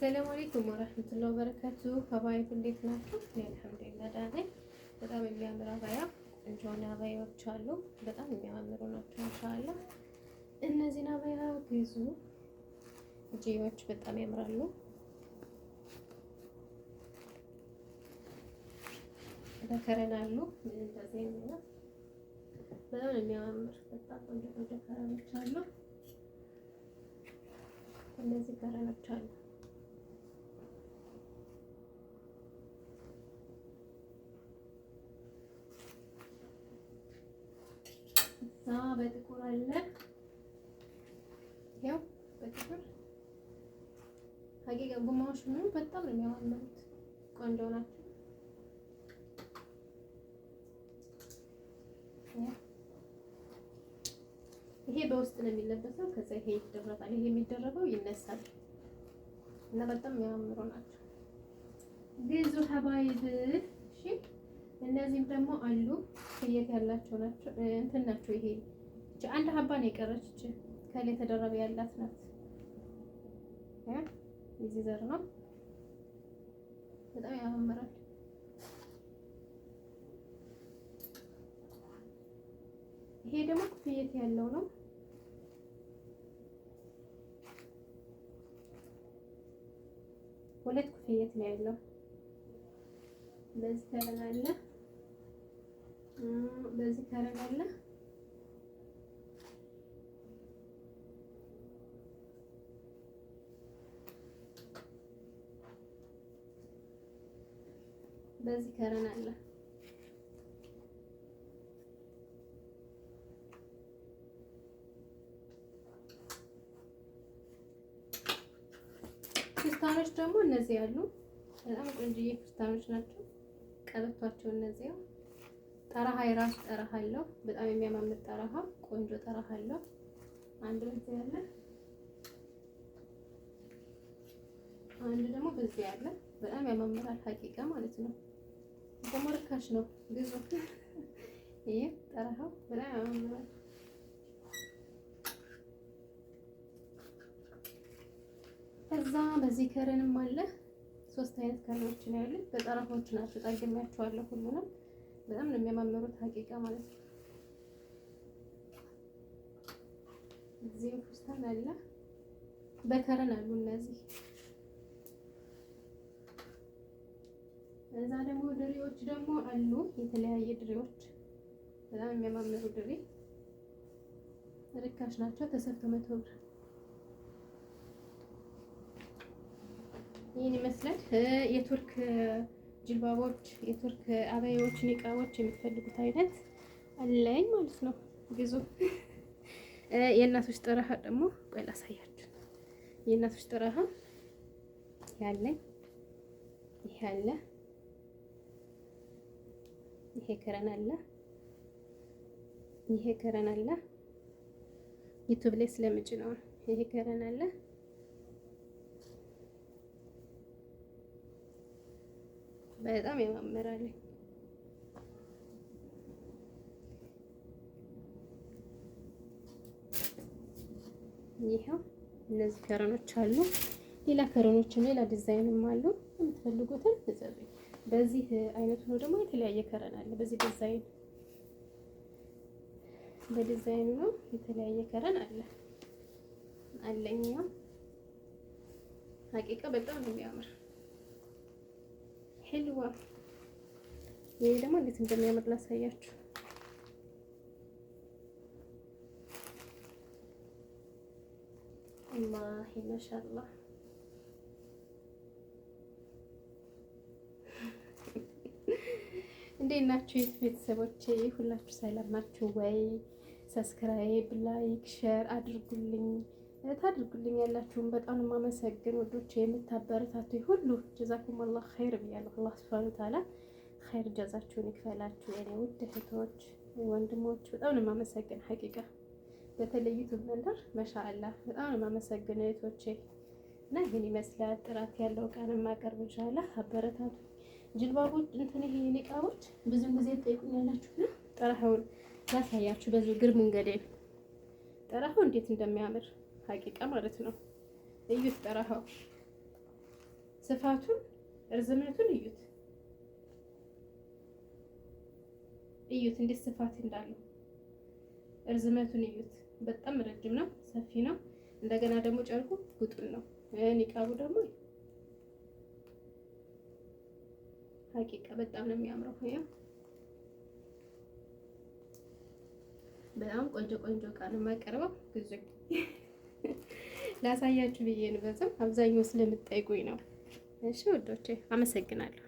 ሰላም አለይኩም ወራህመቱላሂ ወበረካቱ። ሀባይብ እንዴት ናችሁ? እኔ አልሐምዱሊላህ ደህና ነኝ። በጣም የሚያምር አባያ ቆንጆ አባያዎች አሉ። በጣም የሚያምሩ ናቸው። ኢንሻአላህ እነዚህን አባያ ግዙ። እጅዮች በጣም ያምራሉ። በከረን አሉ። በጣም የሚያምር በጣም ቆንጆ ቆንጆ ከረኖች አሉ። እነዚህ ከረኖች አሉ። ከዛ በጥቁር አለ። ያው በጥቁር ሀቂቃ ጉማዎች ምንም በጣም ነው የሚያማምሩት፣ ቆንጆ ናቸው። ይሄ በውስጥ ነው የሚለበሰው። ከዛ ይሄ ይደረጋል። ይሄ የሚደረገው ይነሳል እና በጣም የሚያማምሩ ናቸው። ብዙ ሀባይብ እሺ። እነዚህም ደግሞ አሉ ጥየት ያላቸው ናቸው እንትን ናቸው። ይሄ አንድ ሀባ ነው የቀረች ከላይ ተደረበ ያላት ናት። የዚህ ዘር ነው። በጣም ያማምራል። ይሄ ደግሞ ጥየት ያለው ነው። ሁለት ኩፍየት ነው ያለው። በዚህ ተለናለ በዚህ ታደርጋለህ። በዚህ ከረን አለ። ክርስቲያኖች ደግሞ እነዚህ ያሉ በጣም ቆንጆዬ ክርስቲያኖች ናቸው። ቀበቷቸው እነዚያው ጠረሃ የራሱ ጠረሃ አለው። በጣም የሚያማምር ጠረሃ፣ ቆንጆ ጠረሃ አለው። አንድ በዚህ ያለ አንድ ደግሞ በዚህ ያለ በጣም ያማምራል። ሀቂቃ ማለት ነው። ደግሞ ርካሽ ነው ግዙ። ይሄ ጠረሃው በጣም ያማምራል። ከዛ በዚህ ከረንም አለ። ሶስት አይነት ከረኖች ነው ያሉት። በጠረሆች ናቸው ጠግሜያቸዋለሁ ሁሉንም በጣም ነው የሚያማምሩት ሀቂቃ ማለት ነው። እዚህም ፉስተን አለ በከረን አሉ እነዚህ። እዛ ደግሞ ድሬዎች ደግሞ አሉ የተለያየ ድሬዎች በጣም የሚያማምሩ ድሬ ርካሽ ናቸው። ተሰርቶ መቶ ብር ይህን ይመስላል የቱርክ ጅልባቦች፣ የቱርክ አባያዎች፣ ኒቃቦች የምትፈልጉት አይነት አለኝ ማለት ነው። ግዙ። የእናቶች ጥረሀ ደግሞ ቆይ ላሳያችሁ። የእናቶች ጥረሀ ያለኝ ይሄ አለ፣ ይሄ ከረን አለ፣ ይሄ ከረን አለ። ዩቱብ ላይ ስለምጭ ነው። ይሄ ከረን አለ በጣም ያማምራል። ይሄው እነዚህ ከረኖች አሉ። ሌላ ከረኖችም ሌላ ዲዛይንም አሉ። የምትፈልጉትን እዘዙኝ። በዚህ አይነት ነው ደግሞ የተለያየ ከረን አለ። በዚህ ዲዛይን በዲዛይኑ ነው የተለያየ ከረን አለ አለኛ ሀቂቃ በጣም ነው የሚያምር። ሄልዋ ይሄ ደግሞ እንዴት እንደሚያምር ላሳያችሁ። እማ ማሻአላ እንዴት ናችሁ? የት ቤተሰቦቼ ሁላችሁ ሰላም ናችሁ ወይ? ሰብስክራይብ፣ ላይክ፣ ሼር አድርጉልኝ። ታድርጉልኛላችሁም በጣም የማመሰግን ወዶች የምታበረታቱ ሁሉ ጀዛኩም አላህ ኸይር ብያለሁ። አላህ ሱብሓነሁ ወተዓላ ኸይር ጀዛችሁን ይክፈላችሁ። የኔ ውድ እህቶች ወንድሞች፣ በጣም ነው የማመሰግን ሐቂቃ በተለይ ዩቱብ መንደር ማሻአላህ በጣም ነው የማመሰግን እህቶቼ እና ይህን ይመስላል ጥራት ያለው ቃል ማቀርብ ኢንሻአላህ አበረታቱ። ጅልባቦች እንትን ይሄ ኒቃቦች ብዙም ጊዜ ትጠይቁኛላችሁና ጥራሁን ላሳያችሁ በዚህ እግር መንገዴ ጠራኸው እንዴት እንደሚያምር ሀቂቃ ማለት ነው። እዩት ጠረሃው ስፋቱን እርዝመቱን እዩት እዩት እንዴት ስፋት እንዳለው እርዝመቱን እዩት። በጣም ረጅም ነው፣ ሰፊ ነው። እንደገና ደግሞ ጨርቁ ጉጡን ነው። ኒቃቡ ደግሞ ሀቂቃ በጣም ነው የሚያምረው። ያው በጣም ቆንጆ ቆንጆ እቃ ነው የማቀርበው ላሳያችሁ ብዬ ነው። በዛም አብዛኛው ስለምጠይቁኝ ነው። እሺ ውዶቼ አመሰግናለሁ።